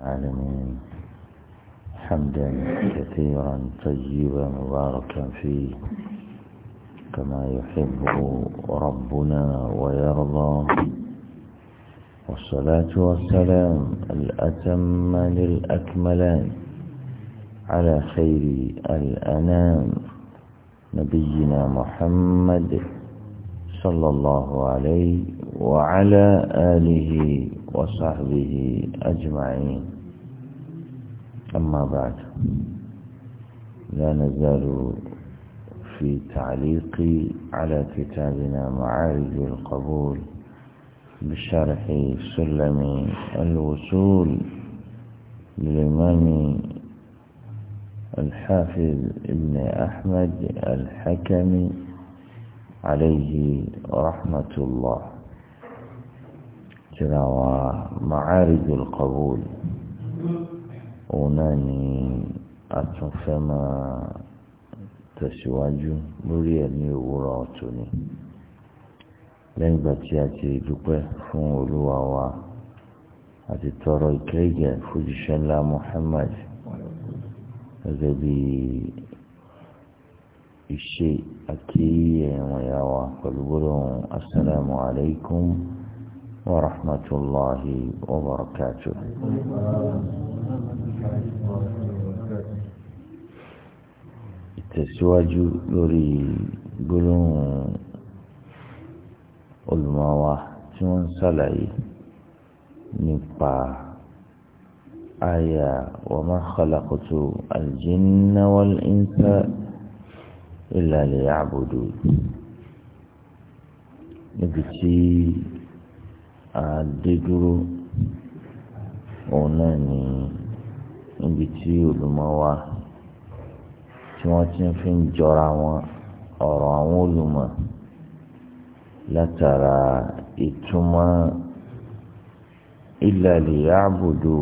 العالمين حمدا كثيرا طيبا مباركا فيه كما يحب ربنا ويرضى والصلاة والسلام الأتم الأكملان على خير الأنام نبينا محمد صلى الله عليه وعلى آله وصحبه أجمعين أما بعد لا نزال في تعليقي على كتابنا معارج القبول بشرح سلم الوصول للإمام الحافظ ابن أحمد الحكمي عليه رحمة الله جنوى معارج القبول أوناني أتنفما تسواج مريني وراتني lẹ́yìn ìgbà tí a ti dúpẹ́ fún olúwa wa àti tọrọ ìkẹ́gẹ́ fújíṣẹ́ ńlá Muhammad gẹ́gẹ́ bíi ìṣe àti ẹ̀wọ̀n yà wa pẹ̀lú gbólóhùn asalaamu alaykum wa rahmatulahi wa barakatuh. ìtẹ̀síwájú lórí gbólóhùn olùmọ̀wá tí wọ́n ń ṣàlàyé nípa àyà wa ma khalaqtu al-jinna wal-insa. illa liya'budu níbi tí a dé dúró òun náà ni níbi tí olùmọ̀ wa tí wọ́n ti fi ń jọra wọn ọ̀rọ̀ àwọn olùmọ̀ látara ìtumọ̀ illa liya'budu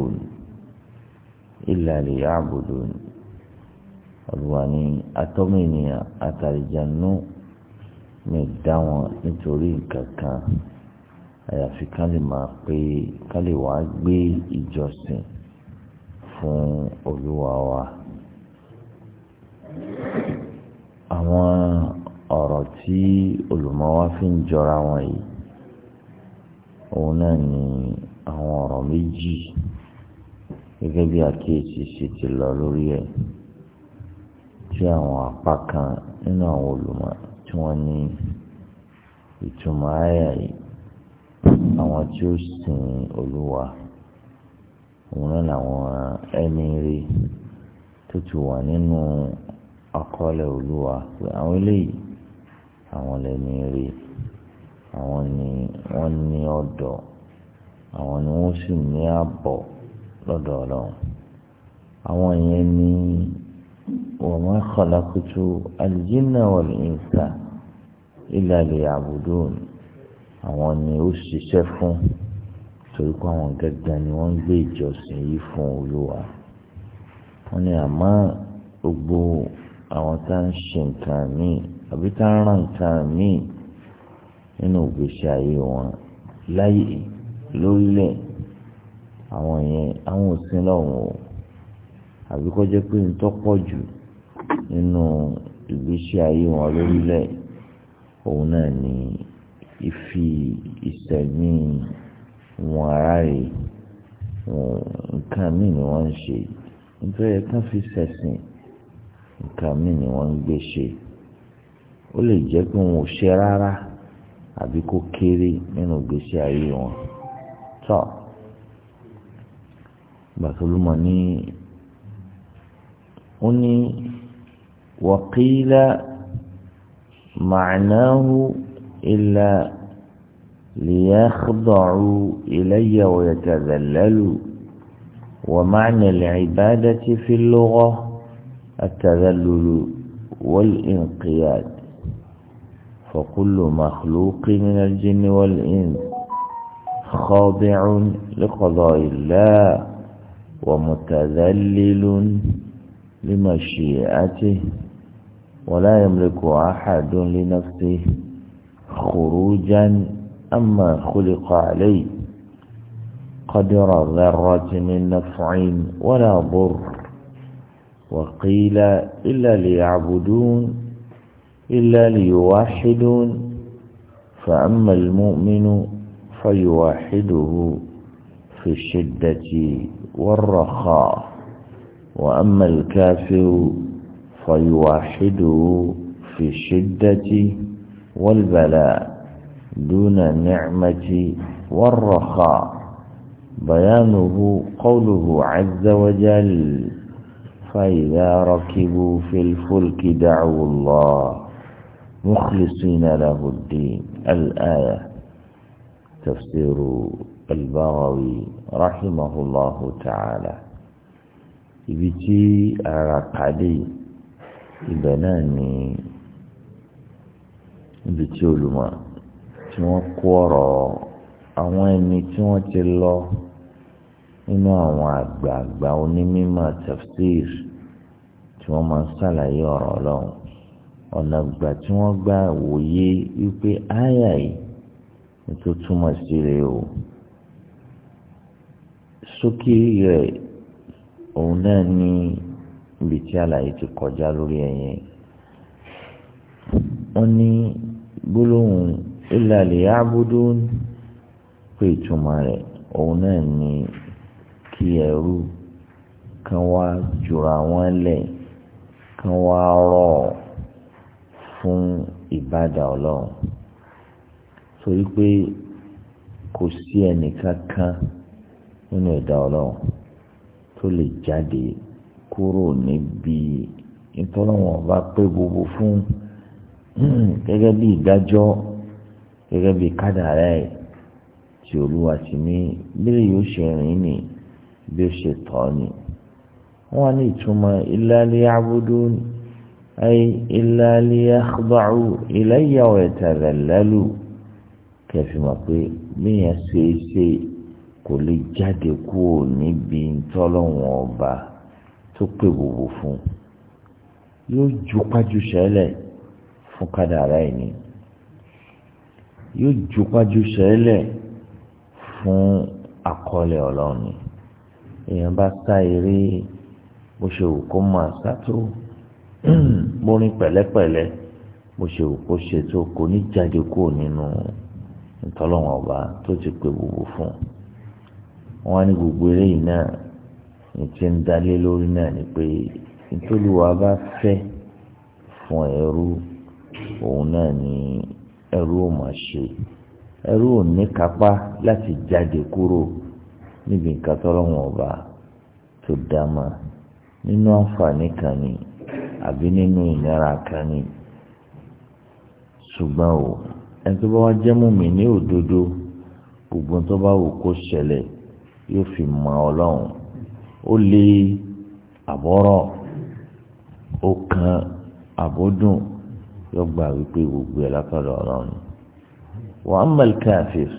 illa liya'budu olùwà ní atọ́mọ ènìyàn àtàlìjànú mi dá wọn nítorí nǹkan kan àyàfi ká lè máa pé ká lè wàá gbé ìjọsìn fún olúwa wa. àwọn ọ̀rọ̀ tí olùmọ́wá fi ń jọra wọn yìí òun náà ni àwọn ọ̀rọ̀ méjì gẹ́gẹ́ bí àkíyèsí ṣe ti lọ lórí ẹ̀. tí àwọn apá kan nínú àwọn olùmọ̀ tí wọ́n ní ìtumọ̀ àyà yìí àwọn tí ó sin olúwa òun náà làwọn ẹni rí tó ti wà nínú àkọọ́lẹ̀ olúwa pé àwọn eléyìí àwọn lẹni rí ni wọ́n ní àwọn ni sì ní وما خلقت الجن والإنس إلا ليعبدون àwọn ni ó ṣiṣẹ́ fún torí pé àwọn gẹ́gẹ́ ni wọ́n ń gbé ìjọsìn yìí fún olúwa wọ́n ní àmọ́ gbogbo àwọn tá ń ṣe nǹkan míì àbí tá ń ràn nǹkan míì nínú ìgbésí ayé wọn láyé lórílẹ̀ àwọn yẹn àwọn òsín lọ́wọ́ àbí kó jẹ́ pé nítọ́ pọ̀ jù nínú ìgbésí ayé wọn lórílẹ̀ òun náà ni ìfi ìsẹ̀mí wọn aráàlú nǹkan míì ni wọ́n ń ṣe nítorí ká fi sẹ̀sìn nǹkan míì ni wọ́n ń gbé ṣe ó lè jẹ́ pé wọn ò ṣe rárá àbí kó kéré nínú ìgbésí ayé wọn tọ́ ní. أني وقيل معناه إلا ليخضعوا إلي ويتذللوا ومعنى العبادة في اللغة التذلل والإنقياد فكل مخلوق من الجن والإنس خاضع لقضاء الله ومتذلل لمشيئته ولا يملك أحد لنفسه خروجا أما خلق عليه قدر ذرة من نفع ولا ضر وقيل إلا ليعبدون إلا ليوحدون فأما المؤمن فيوحده في الشدة والرخاء وأما الكافر فيوحده في الشدة والبلاء دون النعمة والرخاء بيانه قوله عز وجل فإذا ركبوا في الفلك دعوا الله مخلصين له الدين الآية تفسير البغوي رحمه الله تعالى ibi tí ara pàdé ibẹ̀ náà ni ibi tí olùmọ̀ tí wọ́n kó ọ̀rọ̀ àwọn ẹni tí wọ́n ti lọ nínú àwọn àgbààgbà onímọ̀ tafsir tí wọ́n máa ń ṣàlàyé ọ̀rọ̀ ọlọ́run ọ̀nà ìgbà tí wọ́n gbà wòye wípé áyà yìí ni tó túmọ̀ sí rèé o sókè rẹ̀ òun náà ní ibi tí àlàyé ti kọjá lórí ẹ̀yẹ wọ́n ní gbólóhùn illa liya'budun pé ìtumọ̀ rẹ̀ òun náà ní kí ẹrú kan wá jura wọn lẹ̀ kan wá rọ̀ fún ìbádà ọlọ́run torí pé kò sí ẹnìkan kan nínú ẹ̀dá ọlọ́run tó lè jáde kúrò níbi ìtọ́lọ́wọ́n bá pé gbogbo fún hmm, gẹ́gẹ́ bí ìdájọ́ gẹ́gẹ́ bí kádàrá ẹ̀ tí olúwa ti ní bílẹ̀ yóò ṣe rìn ní bí ó ṣe tọ́ ni. wọ́n ní ìtumọ̀ ìlàlẹ́ abudu ay ìlàlẹ́ àkùbàrù ìlẹ́yàwó ẹ̀tàlẹ́lẹ́lù kẹfì mọ̀ pé bí yẹn ṣe é ṣe é kò lè jáde kúrò níbi tọ́lọ́wọ̀n ọba tó pè wòwò fún yóò ju pájú sẹ́lẹ̀ fún kádàrá ẹni yóò ju pájú sẹ́lẹ̀ fún akọlẹ̀ ọlọ́run èèyàn bá sá eré bó ṣe wù kó máa sá tó mórin pẹ̀lẹ́pẹ̀lẹ́ bó ṣe wù kó ṣe tó kò ní jáde kúrò nínú ntọ́lọ́wọ̀n ọba tó ti pè wòwò fún un wọ́n ní gbogbo eléyìí náà ní ti ń dalé lórí náà ni pé ìtòlùwà bá fẹ́ fún ẹrú òun náà ni ẹrú ò máa ṣe ẹrú ò ní kápá láti jáde kúrò níbi nǹkan tọ́lọ́wọ́n ọba tó dá ma nínú àǹfààní kan ni àbí nínú ìnira kan ni ṣùgbọ́n o ẹni tó bá wá jẹ́ mùmínì òdodo gbogbo tó bá wù kó ṣẹlẹ̀ yóò fi mọ ọlọ́run ó lé àbọ̀rọ̀ ó kan àbọ̀dùn yóò gbà wípé gbogbo ẹ̀ látọ̀dọ̀ ọlọ́run wàá mẹ́lìkà àfẹ́f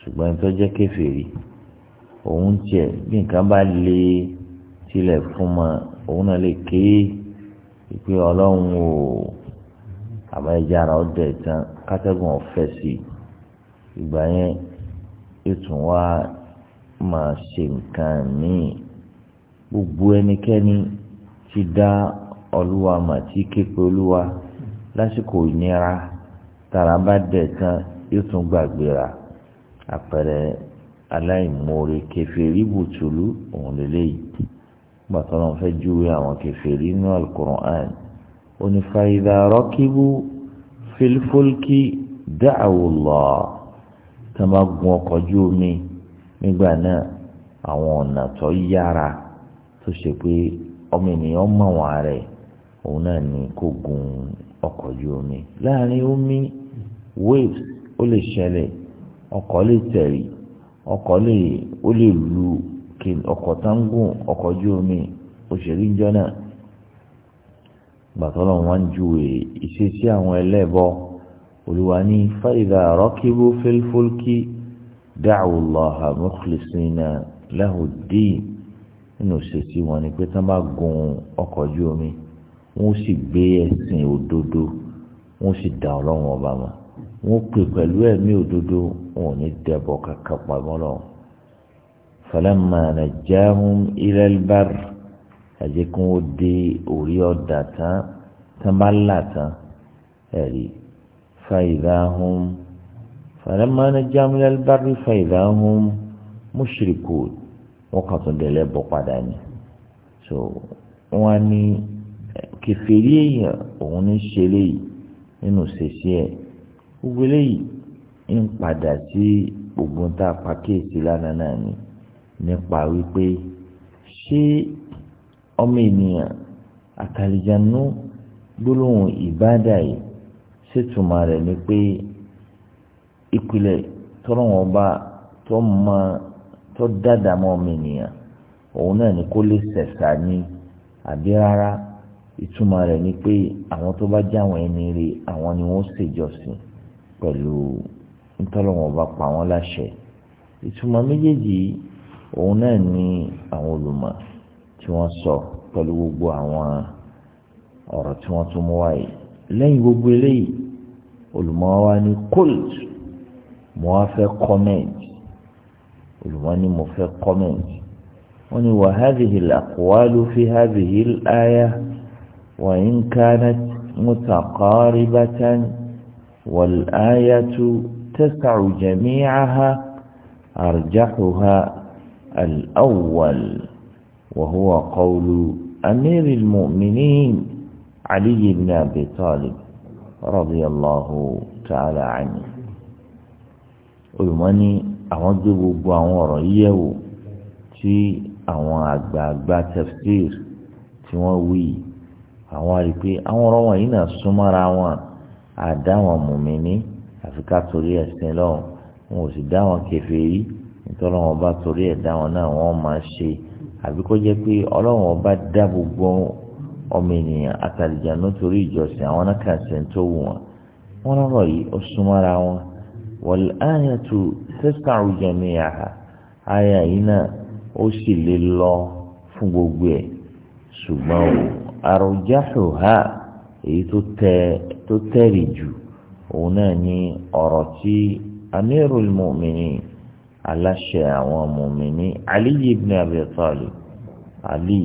ṣùgbọ́n tó jẹ́ kèfèrí òun tiẹ̀ bí nǹkan bá lé tilẹ̀ fún ma òun náà lè ké ìpè ọlọ́run o àbájára ọdẹ tán kátẹ́gùn ọ̀fẹ́ sí ìgbà yẹn ètò wa máa ṣe nǹkan míì gbogbo ẹnikẹ́ni ti dá olúwa mà tí képe olúwa lásìkò ìnira tààrà bá dẹ̀ tán yóò tún gbàgbéra àpẹẹrẹ aláìmoore kèfèrí bùtùlù òun lélẹ́yìí gbàtọ́ náà fẹ́ júwe àwọn kèfèrí inú alukur'an oni fàyidà rọ́kìbù fílfólkì da'awu Allah tàbá gun ọkọ̀ ojú omi. nígbà náà àwọn ọ̀nà tó yára tó ṣe pé ọmọ ènìyàn mọ̀ wọn rẹ̀ òun náà ni kó gun ọkọ̀ ojú omi láàrin omi waves ó lè ṣẹlẹ̀ ọkọ̀ lè tẹ̀rì ọkọ̀ lè ó lè lu ọkọ̀ táǹgùn ọkọ̀ ojú omi òṣèré ìjọ náà gbàtọ́lọ̀ wọn júwe ìṣesí àwọn ẹlẹ́bọ olùwà ní fáìdà rọ́kìbù fílfúlkì. دعوا الله mukhlisina له الدين din nínú ṣèṣì wọn ni pé tí wọn bá gun ọkọ̀ ojú omi wọn ó sì gbé ẹ̀sìn òdodo wọn ó sì dá ọlọ́run ọba mọ́ wọn pè pẹ̀lú ẹ̀mí òdodo wọn ò ní dẹ̀bọ̀ kankan pamọ́ lọ. falamma najjahum ila al-barr kí wọn dé orí ọ̀dà tán tí bá là tán ẹ̀rí fa فلما نجا من البر فإذا هم مشركون وقت دلẹ̀ bọ̀ padà ni so wọ́n ní kẹfẹ́rí èèyàn òun ní ṣẹlẹ̀ yìí nínú ṣẹṣẹ ẹ̀ gbogbo eléyìí ń padà sí gbogbo ń tá a pa kéèsì lánàá náà ni nípa wípé ṣé ọmọ ènìyàn àtàlìjànú gbólóhùn ìbádà yìí ṣètùmọ̀ rẹ̀ ni pé ìpìlẹ̀ tọ́lọ́wọ́n bá tọ́ mọ tọ́ dáadáa mọ́ ọmọ ènìyàn òun náà ni kó lè sẹ̀sà ní àbí rárá ìtumọ̀ rẹ̀ ni pé àwọn tó bá jẹ́ ẹni rí àwọn ni wọ́n ṣèjọsìn pẹ̀lú ntọ́lọ́wọ́n bá pa wọ́n láṣẹ ìtumọ̀ méjèèjì òun náà ni àwọn olùmọ̀ tí wọ́n sọ pẹ̀lú gbogbo àwọn ọ̀rọ̀ tí wọ́n tún mú wáyé lẹ́yìn gbogbo eléyìí olùmọ̀ wa ni kóòtù. mo wá fẹ́ kọ́mẹ́ǹtì olùwọ́n ni mo fẹ́ kọ́mẹ́ǹtì wọ́n ní wà hádìhì làkúwálú fi hádìhì láyà wà ń kánà mùtàkọ́rìbátán والآية تسع جميعها أرجحها الأول وهو قول أمير المؤمنين علي بن أبي طالب رضي الله تعالى عنه olùmọ́ni àwọn gbé gbogbo àwọn ọ̀rọ̀ yìí yẹ̀ wò tí àwọn àgbààgbà tafsir tí wọ́n wí àwọn àrí pé àwọn ọ̀rọ̀ wọ̀nyí náà súnmọ́ra wọn àdá wọn mùmíní àfi ká torí ẹ̀sìn lọ́wọ́ wọn ò sì dá wọn kèfèrí nítorí wọn bá torí ẹ̀ wọn náà wọ́n máa ṣe àbí kó jẹ́ pé ọlọ́run ọba dá gbogbo ọmọ ènìyàn àtàlìjànú torí ìjọsìn àwọn náà kàn ṣe wù wọn wọn lọ́rọ̀ yìí ó súnmọ́ra wọn wàl'áyàtú tẹ́sán jẹ̀míyàhà àyà yìí náà ó sì lè lọ fún gbogbo ẹ̀ ṣùgbọ́n o àròjáṣò ha èyí tó tẹ̀rì jù òun náà ní ọ̀rọ̀ tí amírùl mùmìnì aláṣẹ àwọn mùmìnì Ali ibn Abi Talib Ali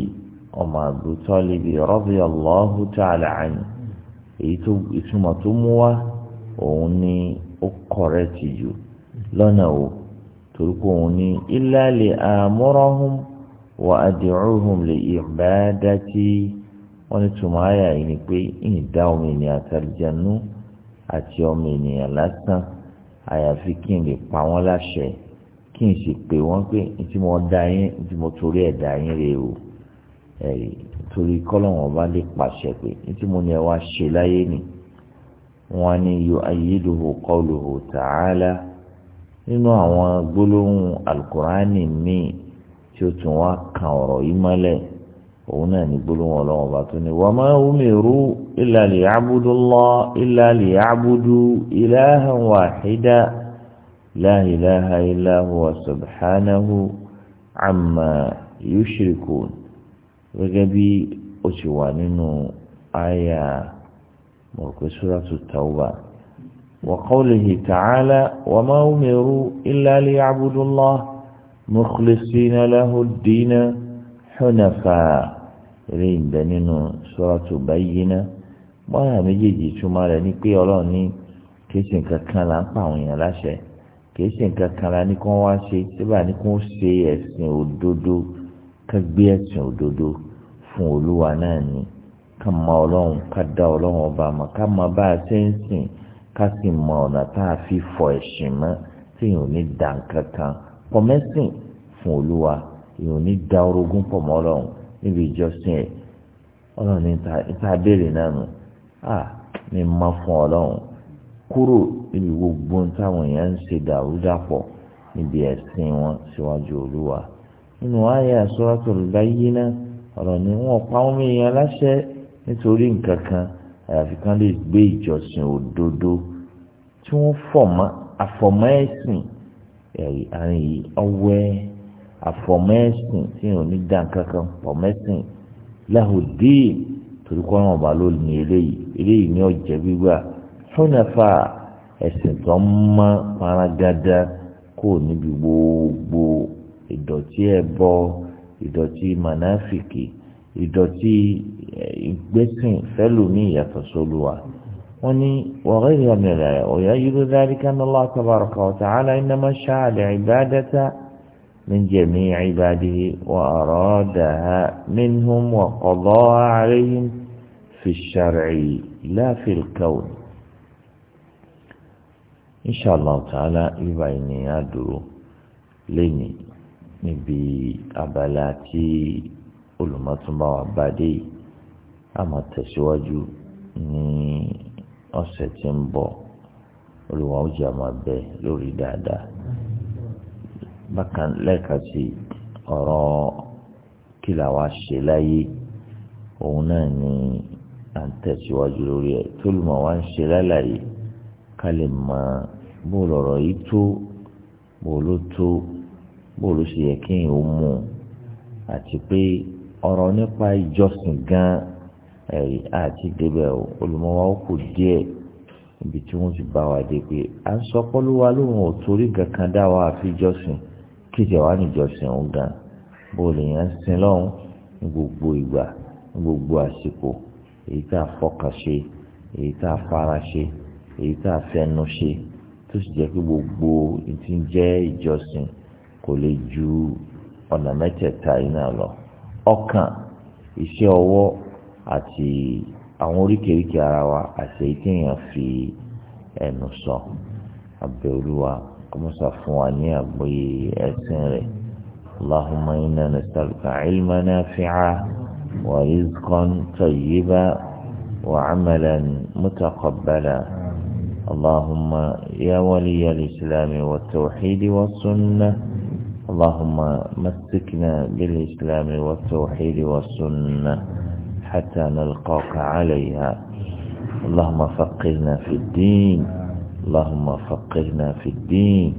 ọmọ Abi Talib radiyallahu ta'ala anhu èyí tó ìtumọ̀ tó mú wá òun ní ó kọ̀rẹ́tì jù lọ́nà wo torí kò wọ́n ní illa li amurahum wa ad'uhum li ibadati wọ́n ní tùmọ̀ àyà yìí ni pé ìdá ọmọ ènìyàn àtàlìjànú àti ọmọ ènìyàn lásán àyàfi kí n lè pa wọ́n láṣẹ kí n sì pè wọ́n pé tí mo dá yín tí mo torí ẹ̀ dá yín rè o torí kọ́lọ́wọ́n bá lè pàṣẹ pé tí mo ní ẹ wá ṣe láyé nìyí wọn ni yu'ayyiduhu qawluhu ta'ala nínú àwọn gbólóhùn alukur'ani míì tí ó tún wá kan ọ̀rọ̀ yìí mọ́lẹ̀ òun náà ní gbólóhùn ọlọ́wọ́n bá tó ní wa ma umiru illa liya'budu Allah illa liya'budu ilahan wahida la ilaha illa huwa subhanahu amma bí ó ti wà nínú àyà mọ̀rùkú suratu tawba wa qawlihi ta'ala wa ma umiru illa liya'budullah mukhlisina lahu ad-dina hunafa eré ìbẹ nínú suratu bayyina bọ́yà méjèèjì túmọ̀ rẹ̀ ní pé ọlọ́run ní kéésì nǹkan kan là ń pa àwọn èèyàn láṣẹ kéésì nǹkan kan là ní kí wọ́n wá ṣe síbà ní kí wọ́n ṣe ẹ̀sìn òdodo ká gbé ẹ̀sìn òdodo fún olúwa náà ni ká mọ ọlọ́run ká dá ọlọ́run ọba mọ̀ ká mọ bá a ṣe ń sìn ká sì mọ ọ̀nà tá a fi fọ ẹ̀sìn mọ́ tí yìí ní dà kankan pọ̀mẹ́sìn fún olúwa yìí ní da orogún pọ̀ mọ́ ọlọ́run níbi ìjọsìn ẹ̀ ọlọ́run ní ta béèrè náà nù à ní mọ́ fún ọlọ́run kúrò níbi gbogbo táwọn èèyàn ń ṣe dàrúdàpọ̀ níbi ẹ̀sìn wọn síwájú olúwa nínú àyà Suratul Bayyinah ọ̀rọ̀ ni wọ́n pa àwọn èèyàn láṣẹ nítorí nǹkan kan àyàfi kan lè gbé ìjọsìn òdodo tí wọ́n fọ̀mọ́ àfọ̀mọ́ ẹ̀sìn ẹ̀rí àárín yìí ọwẹ́ àfọ̀mọ́ ẹ̀sìn tí yẹn ò ní dá nǹkan kan fọ̀mọ́ ẹ̀sìn láhùdí torí kọ́ ọba ló ní eléyìí eléyìí ní ọ̀jẹ̀ gbígbà fúnẹ̀fà ẹ̀sìn tó ń mọ́ paragada kò níbi gbogbo ìdọ̀tí ẹbọ ìdọ̀tí mànáfìkì. ìdọ̀tí ìgbésìn fẹ́lùmí yàtọ̀ sólùwà wọ́n ní rẹ̀ wọ́gẹ́rì re ọ̀yá yìí ló dárí kánú Allah tabaraka wa ta'ala innama sha'a al-ibadata min jami'i ibadihi wa aradaha minhum wa qadaha alayhim fi ash-shar'i la fi al-kawn. insha Allah ta'ala ibà ènìyàn dúró lẹ́yìn níbi abala tí olùmọ̀túnbá wa bàdé yìí a máa tẹ̀síwájú ní ọ̀sẹ̀ tí ń bọ̀ olùwà ọjà máa bẹ lórí dáadáa bákan lẹ́ẹ̀ka sí ọ̀rọ̀ kí làwa ṣe láyé òun náà ni à ń tẹ̀síwájú lórí ẹ̀ tó lùmọ̀ wá ń ṣe lálàyé ká lè mọ bó lọ̀rọ̀ yìí tó bó ló tó bó ló ṣe yẹ kéèyàn ó mú un àti pé ọ̀rọ̀ nípa ìjọsìn gan ẹ̀rí àti débẹ̀ olùmọ̀wá ó kù díẹ̀ ibi tí wọ́n ti bá wa dé pé à ń sọ pọ́lúwa lóhùn ò torí kankan dá wa àfi ìjọsìn kíjẹ̀ wá ní ìjọsìn òun gan bó lè yàn sin lọ́hùn ní gbogbo ìgbà ní gbogbo àsìkò èyí tá a fọkàn ṣe èyí tá a fara ṣe èyí tá a fẹnu ṣe tó sì jẹ́ pé gbogbo ti ìjọsìn kò lè ju ọ̀nà mẹ́tẹ̀ẹ̀ta yìí náà lọ ọkàn iṣẹ́ ọwọ́ àti àwọn oríkèéríkèé ara wa àti èyí tí èèyàn fi ẹnu sọ abẹ́ olúwa kọ́mọ́sà fún wa ní àgbọ́yé ẹ̀sìn rẹ̀ اللهم إنا نسألك علما نافعا ورزقا طيبا وعملا متقبلا اللهم يا ولي الإسلام والتوحيد والسنة اللهم مسكنا بالإسلام والتوحيد والسنة حتى نلقاك عليها اللهم فقهنا في الدين اللهم فقهنا في الدين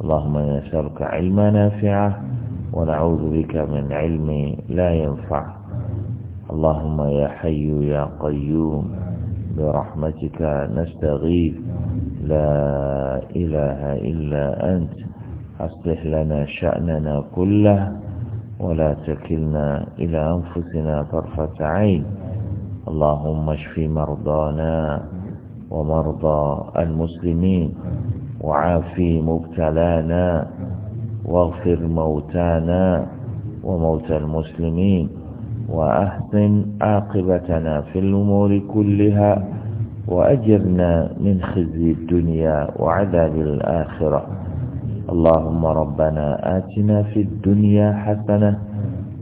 اللهم نسألك علما نافعا ونعوذ بك من علم لا ينفع اللهم يا حي يا قيوم برحمتك نستغيث لا إله إلا أنت أصلح لنا شأننا كله ولا تكلنا إلى أنفسنا طرفة عين اللهم اشف مرضانا ومرضى المسلمين وعاف مبتلانا واغفر موتانا وموتى المسلمين وأحسن عاقبتنا في الأمور كلها وأجرنا من خزي الدنيا وعذاب الآخرة اللهم ربنا آتنا في الدنيا حسنة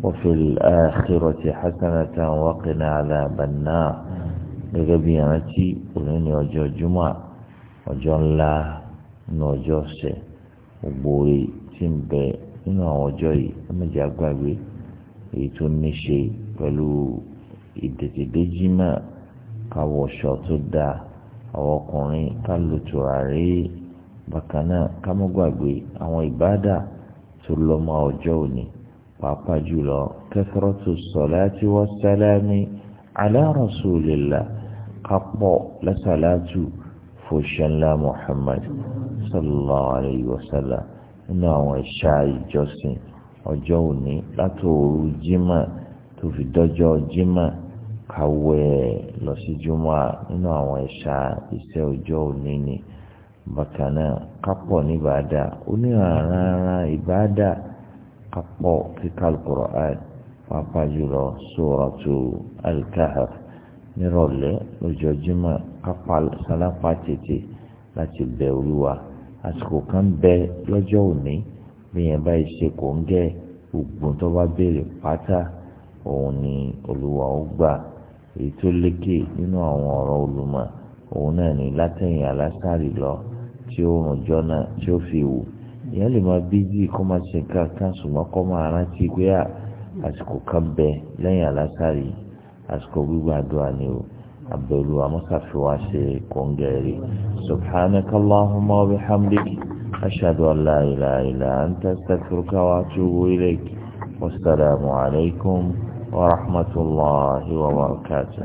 وفي الآخرة حسنة وقنا عذاب النار gẹ́gẹ́ bí ìrántí òní ní ọjọ́ jùmọ̀ ọjọ́ ńlá ní ọjọ́ ọ̀sẹ̀ gbogbo orí tí ń bẹ nínú àwọn ọjọ́ yìí ó méjì agbágbé èyí tó ní ṣe pẹ̀lú ìdètèdéjìmọ̀ káwọṣọ tó dáa àwọn ọkùnrin ká lò tùràrí bákan náà ká má gbàgbé àwọn ìbáàdà tó lọ mọ ọjọ́ òní pàápàá jùlọ kathratu salati wassalami ala rasulillah kápọ̀ lẹ́sàlátù fòṣẹ́nlá Muhammad sallallahu alayhi wa sallam nínú àwọn ẹ̀ṣá ìjọsìn ọjọ́ òní látòru jimá tó fi dọ́jọ́ jimá kàwé lọ sí jumá nínú àwọn ẹ̀ṣá iṣẹ́ ọjọ́ òní ni bákan náà kápọ̀ ní ìbáadá onírànrànràn ìbáadá kápọ̀ kíkà al-Qur'an pàápàá jùlọ sóràtù al-Kahf nírọ̀lẹ́ lójoojúmọ́ kápá sálápá tètè láti bẹ olúwa àsìkò kan bẹ lọ́jọ́ òní bí yẹn báyìí ṣe kò ń gẹ́ ògùn tó bá béèrè pátá òun ni olúwa ó gbà èyí tó lékè nínú àwọn ọ̀rọ̀ olùmọ̀ òun náà ní látẹ̀yìn alásàrì lọ tí oòrùn jọna tí ó fi wù èèyàn lè máa bíjì kó máa ṣe nǹkan kan ṣùgbọ́n kó máa rántí pé àsìkò kan bẹ lẹ́yìn alásàrì àsìkò gbígbàdúrà ni o abẹ́lu amúsàfíwá ṣe kóńgẹ̀rì subhanakallahumma wa bihamdik ashhadu an la ilaha illa anta astaghfiruka wa atubu ilaik wassalamu alaikum wa rahmatullahi wa barakatuh.